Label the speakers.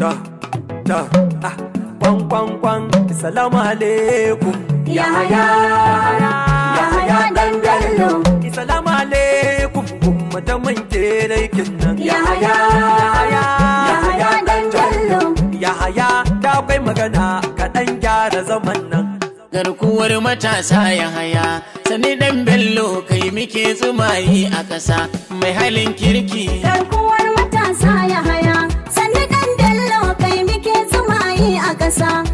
Speaker 1: ta ta ah kwan kwan kwan assalamu alaikum ya haya ya haya dan gallo assalamu alaikum umma ta man kerai nan! ya haya ya haya dan gallo ya haya da kai magana ka dan gyara zaman nan garkuwar matasa ya haya sani dan bello kai muke tsumayi a ƙasa mai halin kirki
Speaker 2: garkuwar song.